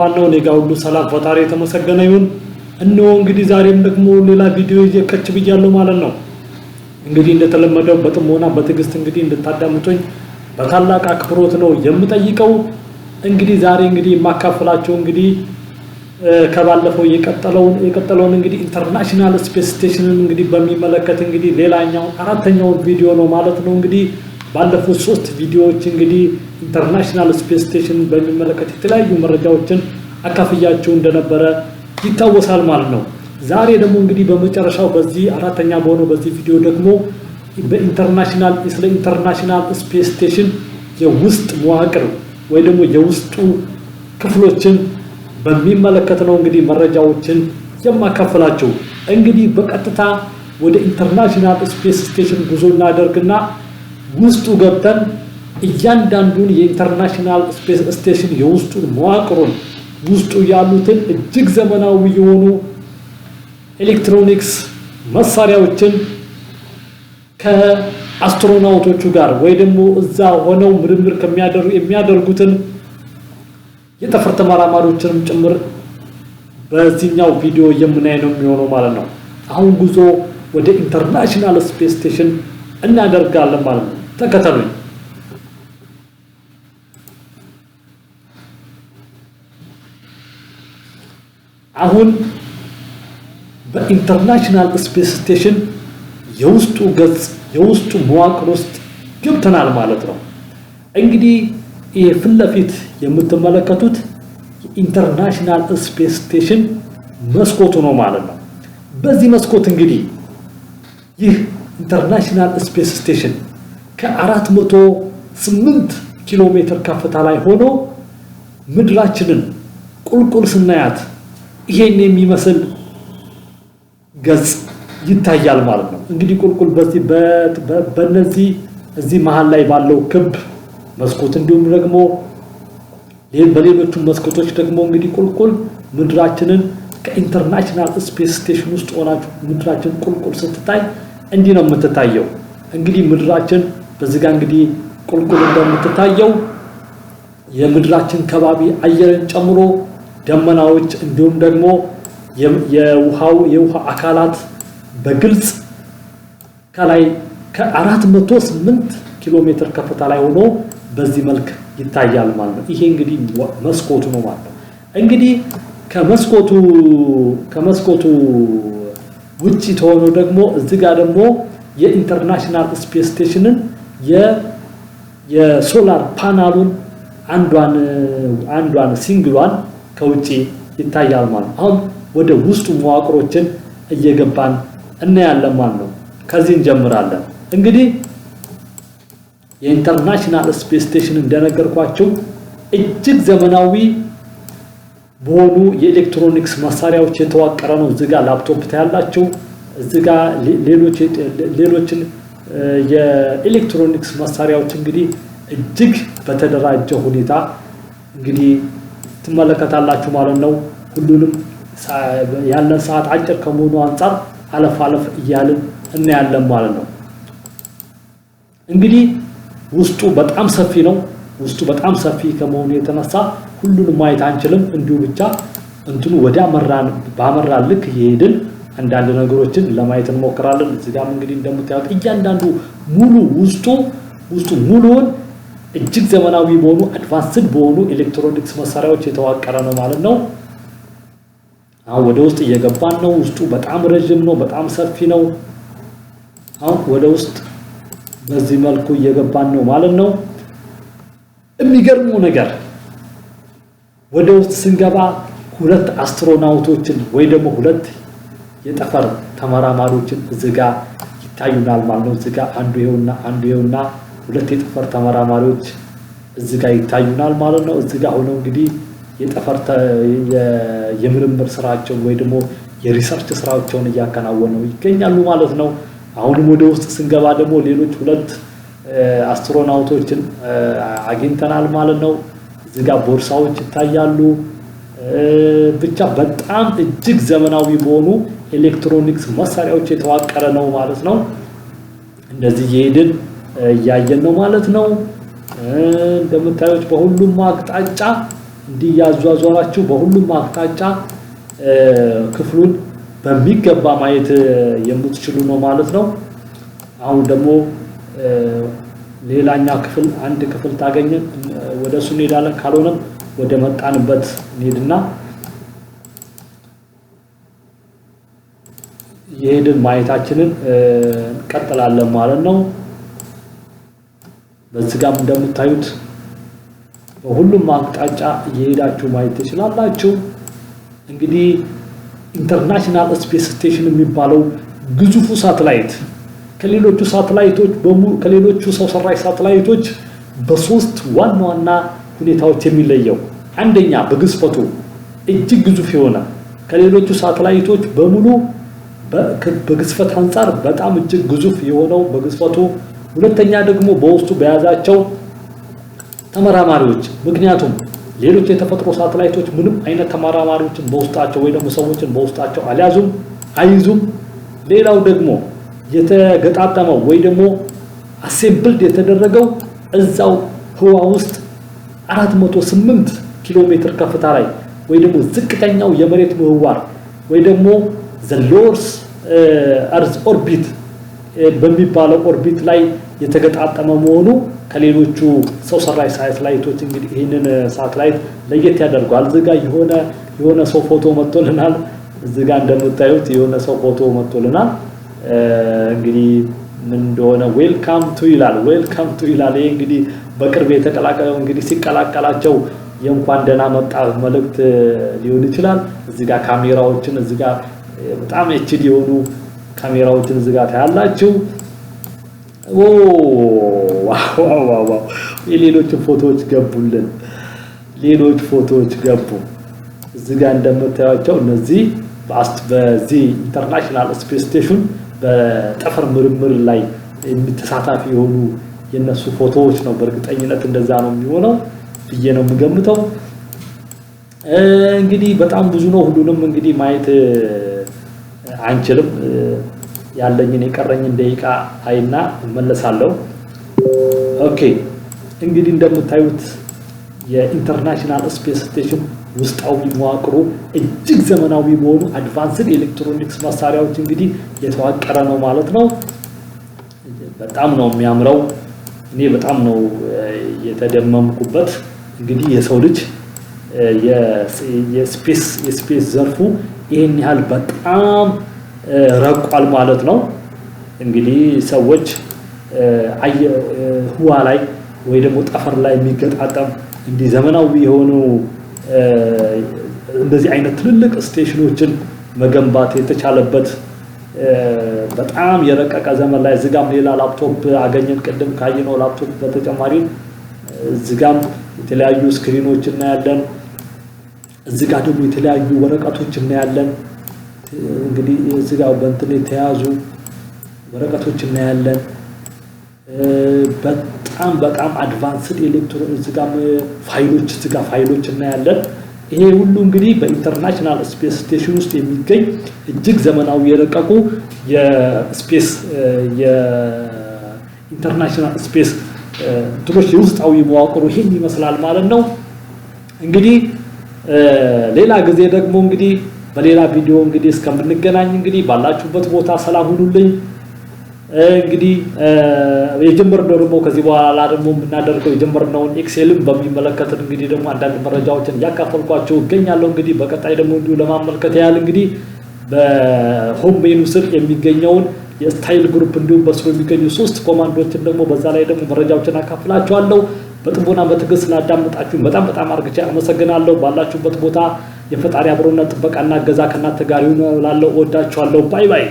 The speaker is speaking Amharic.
ዋናው እኔ ሁሉ ሰላም ፈጣሪ የተመሰገነ ይሁን። እነሆ እንግዲህ ዛሬም ደግሞ ሌላ ቪዲዮ ይዤ ከች ብያለሁ ማለት ነው። እንግዲህ እንደተለመደው በጥሞና በትዕግስት እንግዲህ እንድታዳምጡኝ በታላቅ አክብሮት ነው የምጠይቀው። እንግዲህ ዛሬ እንግዲህ የማካፍላቸው እንግዲህ ከባለፈው የቀጠለውን የቀጠለውን እንግዲህ ኢንተርናሽናል ስፔስ ስቴሽንን እንግዲህ በሚመለከት እንግዲህ ሌላኛው አራተኛውን ቪዲዮ ነው ማለት ነው እንግዲህ ባለፉት ሶስት ቪዲዮዎች እንግዲህ ኢንተርናሽናል ስፔስ ስቴሽን በሚመለከት የተለያዩ መረጃዎችን አካፍያቸው እንደነበረ ይታወሳል ማለት ነው። ዛሬ ደግሞ እንግዲህ በመጨረሻው በዚህ አራተኛ በሆነው በዚህ ቪዲዮ ደግሞ በኢንተርናሽናል ስለ ኢንተርናሽናል ስፔስ ስቴሽን የውስጥ መዋቅር ወይ ደግሞ የውስጡ ክፍሎችን በሚመለከት ነው እንግዲህ መረጃዎችን የማካፈላቸው። እንግዲህ በቀጥታ ወደ ኢንተርናሽናል ስፔስ ስቴሽን ጉዞ እናደርግና ውስጡ ገብተን እያንዳንዱን የኢንተርናሽናል ስፔስ ስቴሽን የውስጡን መዋቅሩን ውስጡ ያሉትን እጅግ ዘመናዊ የሆኑ ኤሌክትሮኒክስ መሳሪያዎችን ከአስትሮናውቶቹ ጋር ወይ ደግሞ እዛ ሆነው ምርምር የሚያደርጉትን የጠፈር ተመራማሪዎችንም ጭምር በዚህኛው ቪዲዮ የምናይ ነው የሚሆነው ማለት ነው። አሁን ጉዞ ወደ ኢንተርናሽናል ስፔስ ስቴሽን እናደርጋለን ማለት ነው። ተከተሉኝ። አሁን በኢንተርናሽናል ስፔስ ስቴሽን የውስጡ ገጽ የውስጡ መዋቅር ውስጥ ገብተናል ማለት ነው። እንግዲህ ይሄ ፊት ለፊት የምትመለከቱት የኢንተርናሽናል ስፔስ ስቴሽን መስኮቱ ነው ማለት ነው። በዚህ መስኮት እንግዲህ ይህ ኢንተርናሽናል ስፔስ ስቴሽን ከ ስምንት ኪሎ ሜትር ከፍታ ላይ ሆኖ ምድራችንን ቁልቁል ስናያት ይሄን የሚመስል ገጽ ይታያል ማለት ነው። እንግዲህ ቁልቁል በዚህ በነዚህ እዚህ መሀል ላይ ባለው ክብ መስኮት እንዲሁም ደግሞ በሌሎቹ መስኮቶች ደግሞ እንግዲህ ቁልቁል ምድራችንን ከኢንተርናሽናል ስፔስ ስቴሽን ውስጥ ሆናችሁ ምድራችን ቁልቁል ስትታይ እንዲህ ነው የምትታየው። እንግዲህ ምድራችን በዚህ ጋር እንግዲህ ቁልቁል እንደምትታየው የምድራችን ከባቢ አየርን ጨምሮ ደመናዎች እንዲሁም ደግሞ የውሃው የውሃ አካላት በግልጽ ከላይ ከ408 ኪሎ ሜትር ከፍታ ላይ ሆኖ በዚህ መልክ ይታያል ማለት ነው። ይሄ እንግዲህ መስኮቱ ነው ማለት ነው። እንግዲህ ከመስኮቱ ከመስኮቱ ውጪ ተሆኖ ደግሞ እዚህ ጋር ደግሞ የኢንተርናሽናል ስፔስ ስቴሽንን የሶላር ፓናሉን አንዷን አንዷን ሲንግሏን ከውጪ ይታያል ማለት አሁን ወደ ውስጡ መዋቅሮችን እየገባን እናያለን ማለት ነው። ከዚህ እንጀምራለን። እንግዲህ የኢንተርናሽናል ስፔስ ስቴሽን እንደነገርኳቸው እጅግ ዘመናዊ በሆኑ የኤሌክትሮኒክስ መሳሪያዎች የተዋቀረ ነው። እዚጋ ላፕቶፕ ታያላቸው። እዚጋ ሌሎችን የኤሌክትሮኒክስ መሳሪያዎች እንግዲህ እጅግ በተደራጀ ሁኔታ እንግዲህ ትመለከታላችሁ ማለት ነው። ሁሉንም ያለን ሰዓት አጭር ከመሆኑ አንጻር አለፍ አለፍ እያልን እናያለን ማለት ነው። እንግዲህ ውስጡ በጣም ሰፊ ነው። ውስጡ በጣም ሰፊ ከመሆኑ የተነሳ ሁሉንም ማየት አንችልም። እንዲሁ ብቻ እንትኑ ወዲያ መራን ልክ እየሄድን አንዳንድ ነገሮችን ለማየት እንሞክራለን። እዚህ እንግዲህ እንደምታዩት እያንዳንዱ ሙሉ ውስጡ ውስጡ ሙሉውን እጅግ ዘመናዊ በሆኑ አድቫንስድ በሆኑ ኤሌክትሮኒክስ መሳሪያዎች የተዋቀረ ነው ማለት ነው። አሁን ወደ ውስጥ እየገባን ነው። ውስጡ በጣም ረዥም ነው፣ በጣም ሰፊ ነው። አሁን ወደ ውስጥ በዚህ መልኩ እየገባን ነው ማለት ነው። የሚገርመው ነገር ወደ ውስጥ ስንገባ ሁለት አስትሮናውቶችን ወይ ደግሞ ሁለት የጠፈር ተመራማሪዎችን እዚጋ ይታዩናል ማለት ነው። እዚጋ አንዱ ይኸውና አንዱ ይኸውና ሁለት የጠፈር ተመራማሪዎች እዝጋ ይታዩናል ማለት ነው። እዚጋ ሆነው እንግዲህ የጠፈር የምርምር ስራቸውን ወይ ደግሞ የሪሰርች ስራቸውን እያከናወኑ ይገኛሉ ማለት ነው። አሁንም ወደ ውስጥ ስንገባ ደግሞ ሌሎች ሁለት አስትሮናውቶችን አግኝተናል ማለት ነው። እዚጋ ቦርሳዎች ይታያሉ። ብቻ በጣም እጅግ ዘመናዊ በሆኑ ኤሌክትሮኒክስ መሳሪያዎች የተዋቀረ ነው ማለት ነው። እንደዚህ የሄድን እያየን ነው ማለት ነው። እንደምታዩት በሁሉም አቅጣጫ እንዲህ ያዟዟራችሁ በሁሉም አቅጣጫ ክፍሉን በሚገባ ማየት የምትችሉ ነው ማለት ነው። አሁን ደግሞ ሌላኛ ክፍል አንድ ክፍል ታገኘን፣ ወደ እሱ እንሄዳለን። ካልሆነም ወደ መጣንበት እንሄድና የሄድን ማየታችንን እንቀጥላለን ማለት ነው። በዚህ ጋም እንደምታዩት በሁሉም አቅጣጫ እየሄዳችሁ ማየት ትችላላችሁ። እንግዲህ ኢንተርናሽናል ስፔስ ስቴሽን የሚባለው ግዙፉ ሳተላይት ከሌሎቹ ሳተላይቶች ከሌሎቹ ሰው ሰራሽ ሳተላይቶች በሶስት ዋና ዋና ሁኔታዎች የሚለየው አንደኛ በግዝፈቱ እጅግ ግዙፍ የሆነ ከሌሎቹ ሳተላይቶች በሙሉ በግዝፈት አንጻር በጣም እጅግ ግዙፍ የሆነው በግዝፈቱ፣ ሁለተኛ ደግሞ በውስጡ በያዛቸው ተመራማሪዎች። ምክንያቱም ሌሎች የተፈጥሮ ሳተላይቶች ምንም አይነት ተመራማሪዎችን በውስጣቸው ወይ ደግሞ ሰዎችን በውስጣቸው አልያዙም አይዙም። ሌላው ደግሞ የተገጣጠመው ወይ ደግሞ አሴምብልድ የተደረገው እዛው ህዋ ውስጥ 408 ኪሎ ሜትር ከፍታ ላይ ወይ ደግሞ ዝቅተኛው የመሬት ምህዋር ወይ ደግሞ ዘ ሎርስ አርዝ ኦርቢት በሚባለው ኦርቢት ላይ የተገጣጠመ መሆኑ ከሌሎቹ ሰው ሰራሽ ሳተላይቶች እንግዲህ ይህንን uh, ሳተላይት ለየት ያደርገዋል። እዚህ ጋ የሆነ የሆነ ሰው ፎቶ መጥቶልናል። እዚህ እንደምታዩት የሆነ ሰው ፎቶ መጥቶልናል። uh, እንግዲህ ምን እንደሆነ ዌልካም ቱ ይላል። ዌልካም ቱ ይላል። ይህ እንግዲህ በቅርብ የተቀላቀለው እንግዲህ ሲቀላቀላቸው የእንኳን ደህና መጣ መልእክት ሊሆን ይችላል። እዚህ ጋር ካሜራዎችን እዚህ ጋር በጣም ኤችዲ የሆኑ ካሜራዎችን እዚህ ጋር ታያላችሁ። ኦ ዋው! የሌሎችን ፎቶዎች ገቡልን። ሌሎች ፎቶዎች ገቡ። እዚህ ጋር እንደምታዩቸው እነዚህ በዚህ ኢንተርናሽናል ስፔስ ስቴሽን በጠፈር ምርምር ላይ ተሳታፊ የሆኑ የነሱ ፎቶዎች ነው። በእርግጠኝነት እንደዛ ነው የሚሆነው ብዬ ነው የምገምተው። እንግዲህ በጣም ብዙ ነው። ሁሉንም እንግዲህ ማየት አንችልም። ያለኝን የቀረኝን ደቂቃ አይና እመለሳለሁ። ኦኬ እንግዲህ እንደምታዩት የኢንተርናሽናል ስፔስ ስቴሽን ውስጣዊ መዋቅሩ እጅግ ዘመናዊ በሆኑ አድቫንስድ ኤሌክትሮኒክስ መሳሪያዎች እንግዲህ የተዋቀረ ነው ማለት ነው። በጣም ነው የሚያምረው። እኔ በጣም ነው የተደመምኩበት። እንግዲህ የሰው ልጅ የስፔስ የስፔስ ዘርፉ ይህን ያህል በጣም ረቋል ማለት ነው። እንግዲህ ሰዎች ህዋ ላይ ወይ ደግሞ ጠፈር ላይ የሚገጣጠም እንዲህ ዘመናዊ የሆኑ እንደዚህ አይነት ትልልቅ ስቴሽኖችን መገንባት የተቻለበት በጣም የረቀቀ ዘመን ላይ እዚጋም ሌላ ላፕቶፕ አገኘን። ቅድም ካየነው ላፕቶፕ በተጨማሪ እዚጋም የተለያዩ ስክሪኖች እናያለን። እዚጋ ደግሞ የተለያዩ ወረቀቶች እናያለን። እንግዲህ እዚጋ በእንትን የተያዙ ወረቀቶች እናያለን። በጣም በጣም አድቫንስድ ኤሌክትሮኒክስ ጋር ፋይሎች ስጋ ፋይሎች እናያለን። ይሄ ሁሉ እንግዲህ በኢንተርናሽናል ስፔስ ስቴሽን ውስጥ የሚገኝ እጅግ ዘመናዊ የረቀቁ የስፔስ የኢንተርናሽናል ስፔስ እንትኖች የውስጣዊ መዋቅሩ ይሄን ይመስላል ማለት ነው። እንግዲህ ሌላ ጊዜ ደግሞ እንግዲህ በሌላ ቪዲዮ እንግዲህ እስከምንገናኝ እንግዲህ ባላችሁበት ቦታ ሰላም ሁኑልኝ። እንግዲህ የጀመርነው ደግሞ ከዚህ በኋላ ደግሞ የምናደርገው ነውን ኤክሴልም በሚመለከት እንግዲህ ደግሞ አንዳንድ መረጃዎችን እያካፈልኳቸው እገኛለሁ። እንግዲህ በቀጣይ ደግሞ እንዲሁ ለማመልከት ያህል እንግዲህ በሆም ሜኑ ስር የሚገኘውን የስታይል ግሩፕ እንዲሁም በስሩ የሚገኙ ሶስት ኮማንዶችን ደግሞ በዛ ላይ ደግሞ መረጃዎችን አካፍላችኋለሁ። በጥቦና በትዕግስት ስላዳመጣችሁን በጣም በጣም አርግቻ አመሰግናለሁ። ባላችሁበት ቦታ የፈጣሪ አብሮነት ጥበቃና እገዛ ከእናንተ ጋር ይሁን እላለሁ። እወዳችኋለሁ። ባይ ባይ።